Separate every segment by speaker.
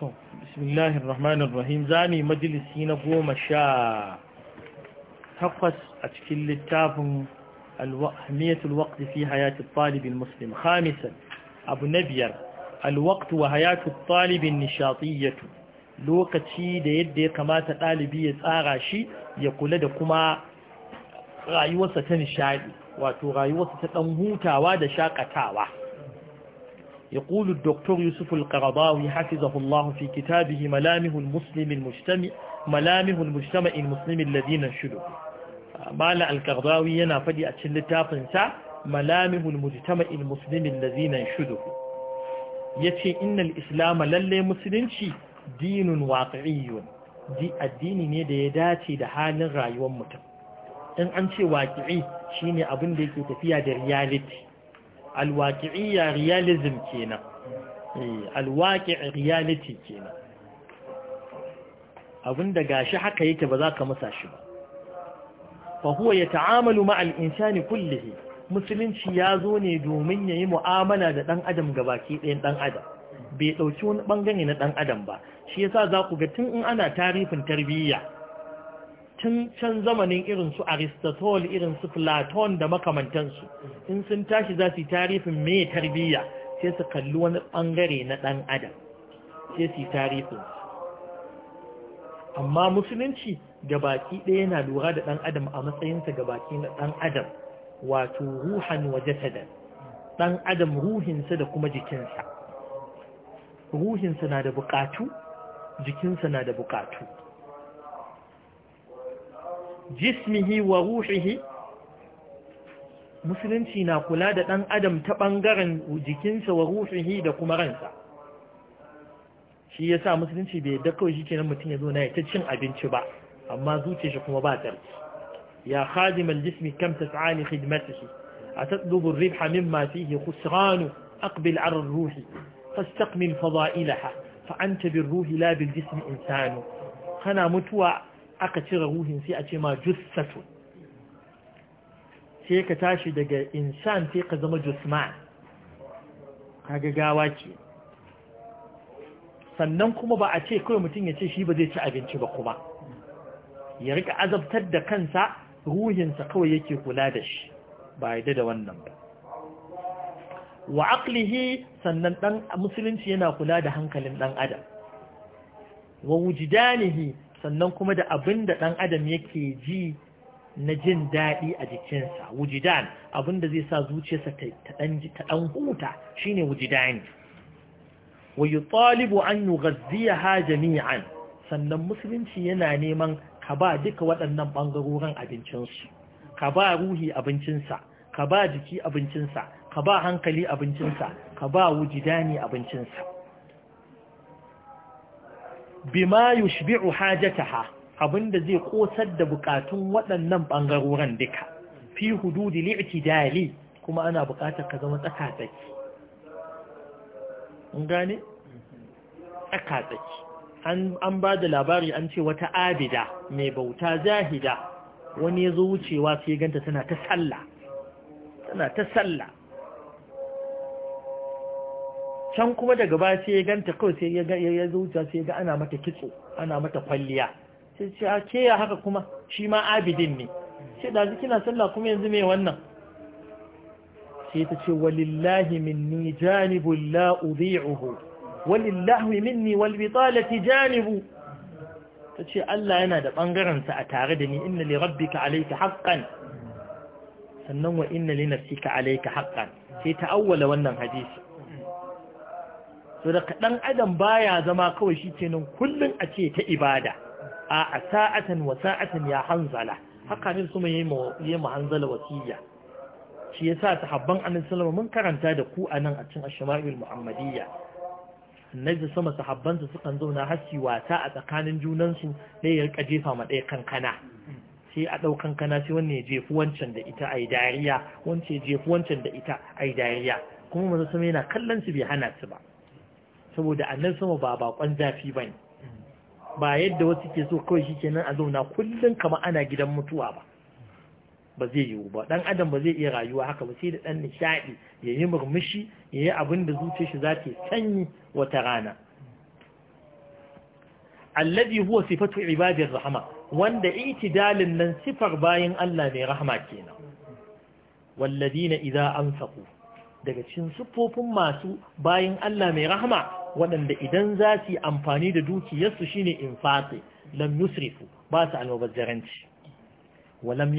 Speaker 1: to bismillahir rahmanir rahim zami majalisi na goma sha takwas a cikin littafin alwahmiyatul waqti fi hayatul talibin muslim khamisan abu na biyar alwaqt wa hayatul talibin nishatiyatu lokaci da yadda ya kamata ɗalibi ya tsara shi ya kula da kuma rayuwarsa ta nishadi wato rayuwarsa ta ɗan hutawa da shakatawa يقول الدكتور يوسف القرضاوي حفظه الله في كتابه ملامه المسلم المجتمع ملامه المجتمع المسلم الذين انشدوا مال القرضاوي ينا فدي أتشل تافنسا ملامه المجتمع المسلم الذين انشدوا يتي إن الإسلام للي مسلمشي دين واقعي دي الدين ندي داتي دحال رايوان متم إن أنت واقعي شيني أبن ديكي تفيا دي رياليتي alwaƙi'iyya realism kenan eh, alwaƙi' reality kenan abinda gashi haka yake ba za ka musa shi ba fa huwa ta'amalu ma'al insani kullihi musulunci ya zo ne domin ya yi mu'amala da ɗan adam ga baki ɗayan ɗan adam bai ɗauki wani ɓangare na ɗan adam ba shi yasa za ku ga tun in ana tarihin tarbiyya tun can zamanin irinsu su irinsu irin Platon da makamantansu in sun tashi za su yi tarifin mai tarbiyya sai su kalli wani bangare na dan adam sai su yi tarifin amma musulunci ga baki ɗaya yana lura da ɗan adam a matsayinsa ga baki na ɗan adam wato ruhan wa jasadan ɗan adam ruhinsa da kuma jikinsa ruhinsa na da buƙatu jikinsa na da buƙatu jismihi wa ruhihi musulunci na kula da ɗan adam ta ɓangaren jikinsa wa ruhihi da kuma ransa shi ya sa musulunci bai yadda kawai shi kenan mutum ya zo na ta cin abinci ba amma zuce shi kuma ba tsarki ya khadimal jismi kam tas'ani khidmatihi atatlubu ar-ribha mimma fihi khusran aqbil 'ala ar-ruhi fastaqmil fada'ilaha fa anta bir-ruhi la bil-jismi insanu kana mutuwa aka cire ruhin sai a ce ma jussatu sai ka tashi daga insan sai ka zama Ka kaga gawa ke sannan kuma ba a ce kawai mutum ya ce shi ba zai ci abinci ba kuma ya rika azabtar da kansa ruhinsa kawai yake kula da shi ba a da wannan ba wa aklihi sannan dan musulunci yana kula da hankalin ɗan adam wa wujidanihi sannan kuma da abin da ɗan adam yake ji na jin daɗi a jikinsa wujidan abin da zai sa zuciyarsa ta ɗan huta shine wujidani wa yutalibu an yi ha jami'an sannan musulunci yana neman ka ba duka waɗannan ɓangarorin abincinsu ka ba ruhi abincinsa ka ba jiki abincinsa ka ba hankali abincinsa ka ba wujidani abincinsa bima yushbi'u hajataha abinda zai kosar da bukatun waɗannan ɓangaroran duka fi hududi li'tidali kuma ana bukatar ka zama tsakatsaki an gane tsakatsaki an ba da labari an ce wata abida mai bauta zahida wani ya zo wucewa sai ganta tana ta sallah tana ta sallah can kuma daga baya sai ya ganta kawai sai ya ya zuciya sai yaga ga ana mata kitso ana mata kwalliya sai ce ke ya haka kuma shi ma abidin ne sai da na sallah kuma yanzu me wannan sai ta ce walillahi minni janibu la udhi'uhu walillahi minni wal bitalati janibu ta ce Allah yana da bangaren sa a tare da ni inna li rabbika alayka haqqan sannan wa inna li nafsika alayka haqqan sai ta awwala wannan hadisi to da kaɗan adam baya zama kawai shi kenan kullum a ce ta ibada a sa'atan wa sa'atan ya hanzala haka ne su mai yi ma hanzala wasiya shi ya sa sahabban annin salama mun karanta da ku a nan a cin ashima'il muhammadiyya annabi sama sahabbansa sukan zauna hasi wata a tsakanin junansu ne ya rika jefa ma ɗaya kankana sai a ɗau kankana sai wanne ya jefi wancan da ita a yi dariya wancan ya jefi wancan da ita a yi dariya kuma masu sama yana kallon su bai hana su ba saboda annan sama ba bakon zafi bane ba yadda wasu ke so kawai nan a zauna kullum kama ana gidan mutuwa ba ba zai yiwu ba ɗan adam ba zai iya rayuwa haka ba sai da ɗan nishaɗi ya yi murmushi ya yi abin da zuciyar shi za ta sanyi wata rana alladhi huwa sifatu ibadir rahma wanda itidalin nan sifar bayin Allah mai Rahama kenan walladina idza anfaqu daga cikin sifofin masu bayin Allah mai rahma waɗanda idan za su yi amfani da dukiyarsu shine infaqi lam yusrifu ba su almubazzaranci wa lam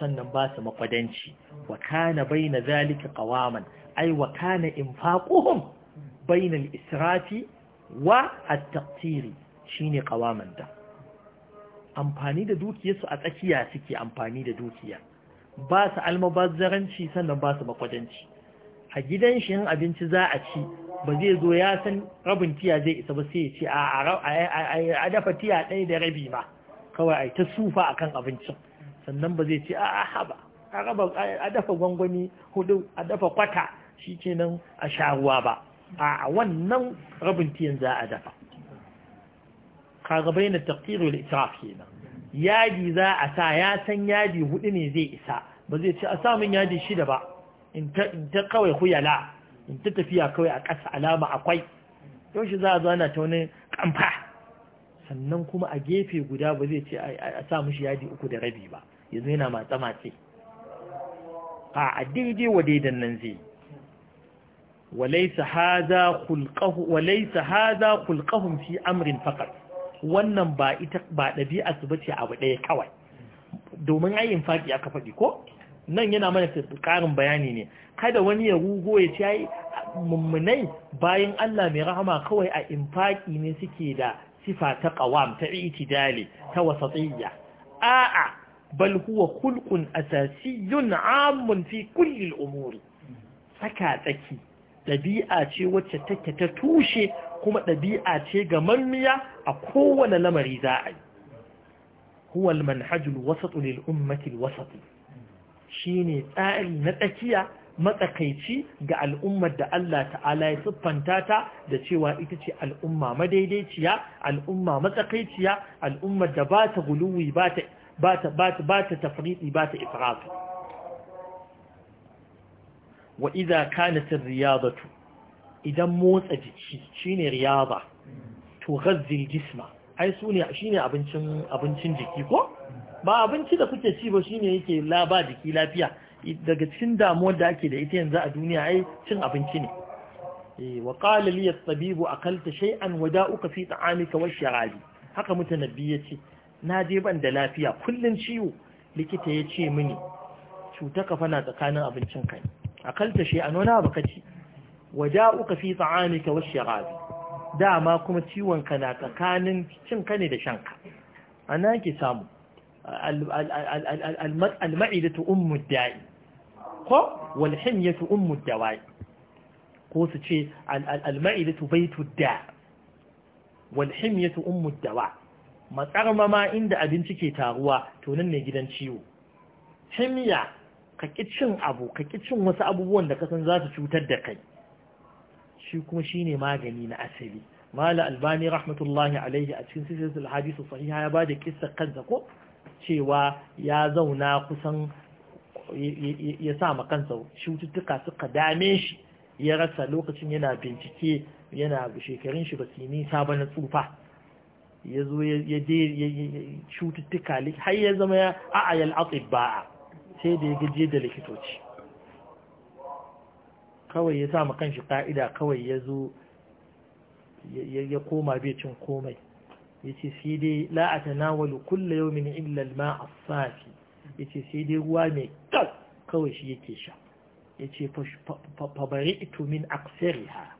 Speaker 1: sannan ba su makwadanci wa kana baina zalika ƙawaman ai wa kana infaquhum baina israfi wa at shi shine ƙawamanta. da amfani da dukiyarsu a tsakiya suke amfani da dukiya ba su almubazzaranci sannan ba su makwadanci a gidan shi abinci za a ci ba zai zo ya san rabin tiya zai isa ba sai ya ce a dafa tiya ɗaya da rabi ba kawai a ta sufa akan abincin sannan ba zai ce a haba a dafa gwangwani hudu a dafa kwata shi nan a sha ruwa ba a wannan rabin tiyan za a dafa Ka ga bayyana taqdiru da israf kenan yadi za a sa ya san yadi hudu ne zai isa ba zai ce a samun yadi shida ba in ta kawai huyala in ta tafiya kawai a ƙasa alama akwai Yaushe za a zana ta wani kamfa sannan kuma a gefe guda ba zai ce a sa mushi yadi uku da rabi ba yanzu yana matsa matse a daidai wa daidan nan zai walaisa haza kulkahun fi amrin fakar wannan ba ɗabi'a su bace abu ɗaya kawai domin ayin faɗi aka faɗi ko nan yana mana karin bayani ne kada wani ya rugo ya ce mummunai bayan Allah mai rahama kawai a infaki ne suke da sifa ta qawam ta itidali ta wasatiyya a'a bal huwa khulqun asasiyyun 'amun fi kulli al-umuri saka tsaki dabi'a ce wacce take ta tushe kuma dabi'a ce ga mammiya a kowane lamari za a yi huwa al-manhajul wasatu lil ummati al-wasati shine tsari na tsakiya matsakaici ga al'ummar da Allah ta'ala ya siffanta ta da cewa ita ce al'umma madaidaiciya al'umma matsakaiciya al'ummar da ba ta guluwi ba ta tafriɗi ba ta ifratu wa iza kanatin riyadatu idan motsa jiki shine riyada to gazzil gisma, ai su ne shine abincin jiki ko ba abinci da kuke ci ba shine yake laba jiki lafiya daga cikin damuwar da ake da ita yanzu a duniya ai cin abinci ne eh wa qala li at-tabib akalta shay'an wa da'uka fi ta'amika wa shirabi haka mutanabbi yace na je ban da lafiya kullun ciwo likita yace mini cuta kafa na tsakanin abincin kai akalta shay'an wa baka ci wa da'uka fi ta'amika wa shirabi dama kuma ciwon ka na tsakanin cin ka ne da shanka ana ke samu al-ma'idatu ummu da'i ko wal himyatu ummu dawa'i ko su ce al-ma'idatu baitu da wal himyatu ummu dawa matsarma ma inda abinci ke taruwa to nan ne gidan ciwo himya ka cin abu ka cin wasu abubuwan da kasan za su cutar da kai shi kuma shine magani na asali mala albani rahmatullahi alaihi a cikin sisir alhadisu sahiha ya bada ƙisa kansa ko cewa ya zauna kusan ya sa kansa cututtuka suka dame shi ya rasa lokacin yana bincike yana shekarun shi ba su nisa tsufa ya zo ya je cututtuka har ya zama ya a'ayal sai da ya gaje da likitoci kawai ya sa kanshi ka'ida kawai ya zo ya koma bai cin komai yace sai dai la atanawalu kullu yawmin illa al-ma'a safi yace sai dai ruwa mai kal kawai shi yake sha yace fa bari'tu min aksariha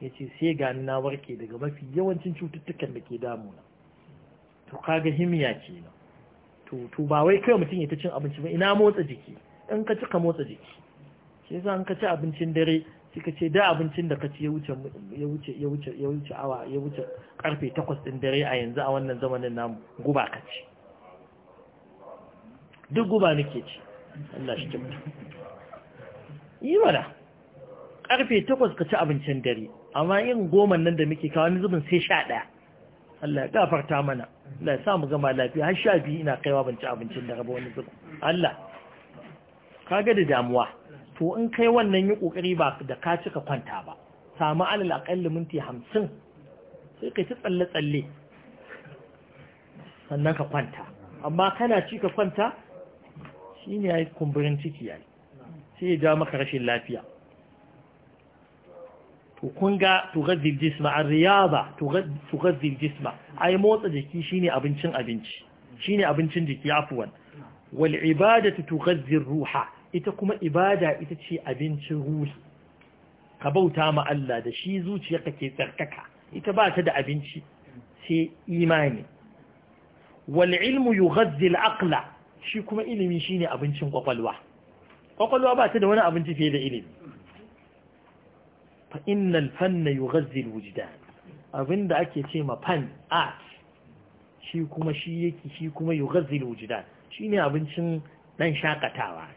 Speaker 1: yace sai ga na warke daga mafi yawancin cututtukan da ke damu na to kaga himiya kenan to to ba wai kai mutum ya ta cin abinci ba ina motsa jiki in ka ci ka motsa jiki sai yasa in ka ci abincin dare suka ce da abincin da kaci ya wuce awa ya wuce karfe takwas din dare a yanzu a wannan zamanin namu guba kaci duk guba nake ci Allah shi kyauta yi mana karfe takwas ka ci abincin dare amma yin goma nan da muke kawo zubin sai sha ɗaya Allah ya gafarta mana Allah ya sa mu gama lafiya har sha biyu ina kaiwa ban ci abincin da rabo wani zubin Allah ka ga da damuwa to in kai wannan yi kokari ba da ka cika kwanta ba samu alal aƙalli minti hamsin sai kai ta tsalle-tsalle sannan ka kwanta amma kana ci ka kwanta shi ne ya yi kumburin ciki ya yi sai ya ja maka rashin lafiya to kunga a jisma an riyaba tugazzir jisma ai motsa jiki shine abincin abinci shine abincin jiki afuwan wal ibadatu tugazzir ruha ita kuma ibada ita ce abincin ruhi ka bauta ma Allah da shi zuciya kake tsarkaka ita ba ta da abinci sai imani wal ilmu yughazzi al aqla shi kuma ilimi shine abincin kwakwalwa kwakwalwa ba ta da wani abinci fiye da ilimi fa innal fanna yughazzi al wujdan abinda ake ce ma fan art shi kuma shi yake shi kuma yughazzi al wujdan shine abincin dan shakatawa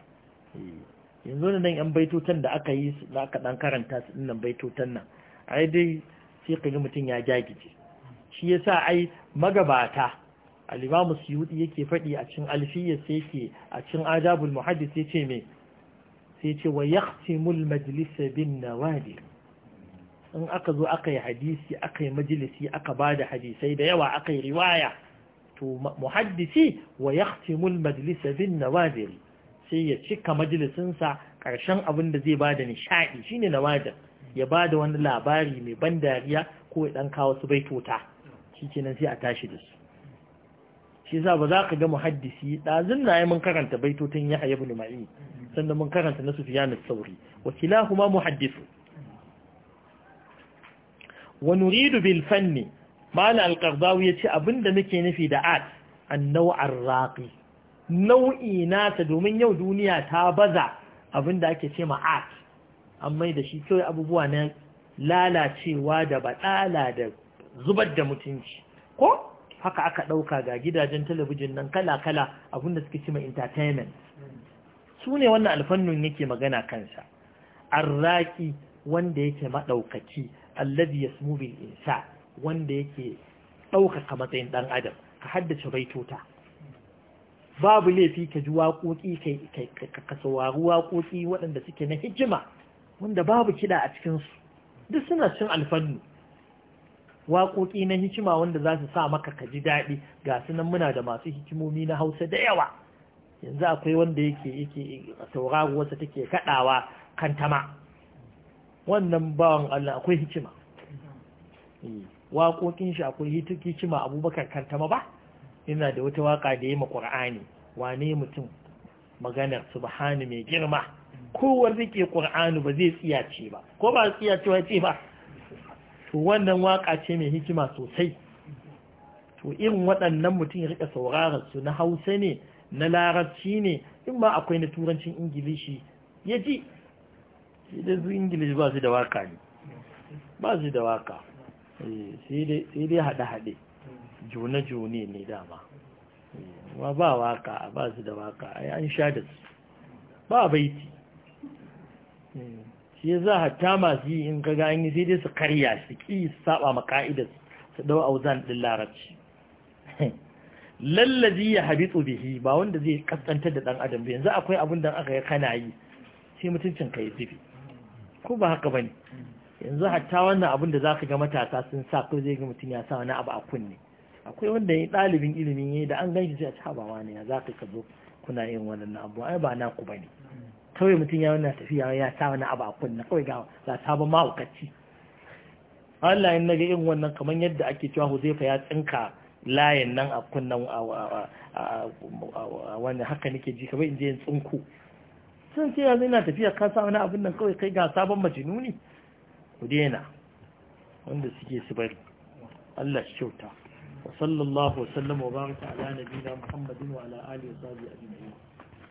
Speaker 1: Eh, yanzu nan yan baitotan da aka yi da aka dan karanta su nan baitotan nan ai dai sai ka ga mutum ya jagije shi yasa ai magabata al-Imam yake faɗi a cikin alfiyar sai yake a cikin Adabul Muhaddis yace me sai yace wa al majlis bin nawadi in aka zo aka yi hadisi aka yi majalisi aka bada hadisai da yawa aka yi riwaya to muhaddisi wa al majlis bin nawadi sai ya cika majalisinsa ƙarshen abin da zai ba da nishaɗi shine nawajin ya da wani labari mai ban dariya ko ya ɗan kawo su baitota shi sai a tashi da su shi sa ba za ka ga muhaddisi ɗazin na yi mun karanta baitotin ya a yabu sannan mun karanta na na sauri wakila kuma muhaddisu Wani ridu bil fanni alƙarbawu ya ce abin da muke nufi da art an nau'ar raƙi. nau'i nata domin yau duniya ta baza abin da ake ce ma art an mai da shi kawai abubuwa na lalacewa da baɗala da zubar da mutunci ko haka aka ɗauka ga gidajen talabijin nan kala-kala abinda suke ma entertainment su ne wannan alfannun yake magana kansa arraki wanda yake maɗaukaki alladhi yasmu bil insa wanda yake ɗaukaka matsayin ɗan adam ka haddace baitota babu laifi ka ji waƙoƙi ka saurari waƙoƙi waɗanda suke na hijima wanda babu kiɗa a cikinsu duk suna cin alfannu waƙoƙi na hijima wanda za su sa maka ka ji daɗi ga su nan muna da masu hikimomi na hausa da yawa yanzu akwai wanda yake yake sauraro wasa take kaɗawa kantama wannan bawan Allah akwai hikima eh, waƙoƙin shi akwai hikima abubakar kantama ba ina da wata waka da yi ma ƙur'ani wane mutum maganar subhanu mai girma kowar zike ƙur'anu ba zai tsiyace ba ko ba tsiya ce ba to wannan waka ce mai hikima sosai to irin waɗannan mutum ya rika sauraron su na hausa ne na larabci ne in ba akwai na turancin ingilishi ya ji idan su ingilishi ba su da waka ne ba su da waka eh, sai dai haɗe-haɗe june-june ne dama ma ba waka ba su da waka ai an sha da su ba baiti shi ya za hatta masu yi in kaga an yi sai dai su karya su ki saba ma ka'idar su dau auzan din larabci lallazi ya habitu bihi ba wanda zai kaskantar da ɗan adam yanzu akwai abin da aka yi kana yi sai mutuncin kai yi ko ba haka bane yanzu hatta wannan abin da zaka ga matasa sun sa ko zai ga mutum ya sa wani abu a kunne akwai wanda ya ɗalibin ilimin ya da an gan shi a cabawa ne ya za ka ka zo kuna yin wannan abu ai ba na ku bane kawai mutum ya wani tafiya ya sa wani abu a kunna kawai ga la sabon mahaukaci Allah ya naga yin wannan kamar yadda ake cewa Huzaifa ya tsinka layin nan a kunnan wani haka nake ji kamar in je yin tsinku sun ce yanzu ina tafiya ka sa wani abin nan kawai kai ga sabon majinuni ku daina wanda suke su bari Allah shi kyauta وصلى الله وسلم وبارك على نبينا محمد وعلى آله وصحبه أجمعين